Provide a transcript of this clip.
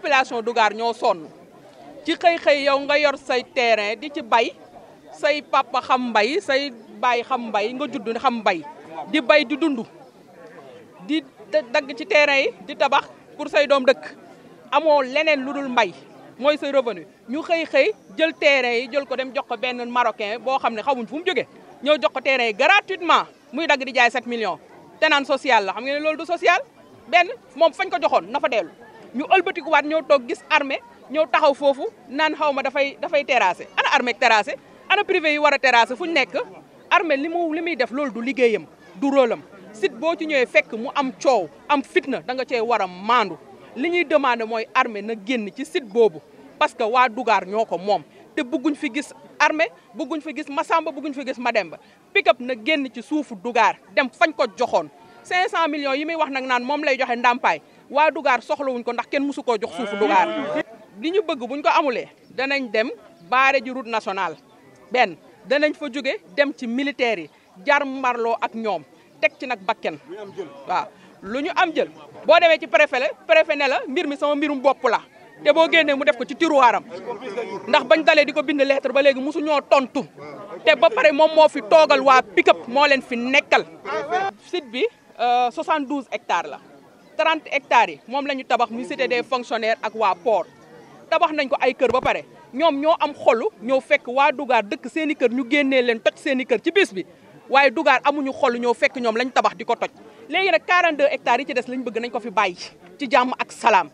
population Dougar ñoo sonn ci xëy-xëy yow nga yor say terrain di ci bay say papa xam mbay say baay xam mbay nga judd xam mbay di bay di dund di dagg ci terrain yi di tabax pour say doom dëkk amoo leneen lu dul mbay mooy say revenu ñu xëy-xëy jël terrain yi jël ko dem jox ko benn marocain boo xam ne xamuñ fu mu jógee ñoo jox ko terrain yi gratuitement muy dagg di jaay 7 millions te naan social la xam ngeen ne loolu du social benn moom fañ ko joxoon na fa dellu ñu ëlbatikuwaat ñoo toog gis armée ñoo taxaw foofu naan xaw ma dafay dafay terrasser ana armée terrasser ana privé yi war a terrasser fu ñu nekk armée li mu li muy def loolu du liggéeyam du rôlam site boo ci ñëwee fekk mu am coow am fitna da nga cee war a maandu li ñuy demandé mooy armée na génn ci site boobu parce que waa dugaar ñoo ko moom te bëgguñ fi gis armée bëgguñ fi gis Masamba bëgguñ fi gis Mademba pick-up na génn ci suufu Dugar dem fañ ko joxoon 500 millions yi muy wax nag naan moom lay joxe ndàmpaay wa dugar soxlu wuñ ko ndax ken musuko jox suuf dugar li ñu bëgg buñ ko amulé danañ dem baaré ji route nationale ben danañ fa joggé dem ci militaire yi jar marlo ak ñom tek ci nak bakken wa lu ñu am jël bo démé ci préfet préfet né la mbir mi sama mbirum bop la té bo génné mu def ko ci tiroiram ndax bañ dalé diko bind lettre ba légui musu ñoo tontu té ba paré mom mo fi togal wa pick up mo leen fi nekkal site bi 72 euh, hectares la 30 hectares yi moom la ñu tabax mu cité des fonctionnaires ak waa port tabax nañ ko ay kër ba pare ñoom ñoo am xolu ñoo fekk waa dugaar dëkk seeni kër ñu génnee leen toj seeni kër ci bis bi waaye dugaar amuñu xolu ñoo fekk ñoom lañ tabax di ko toj léegi nag 42 hectares yi ci des lañ bëgg nañ ko fi bàyyi ci jàmm ak salaam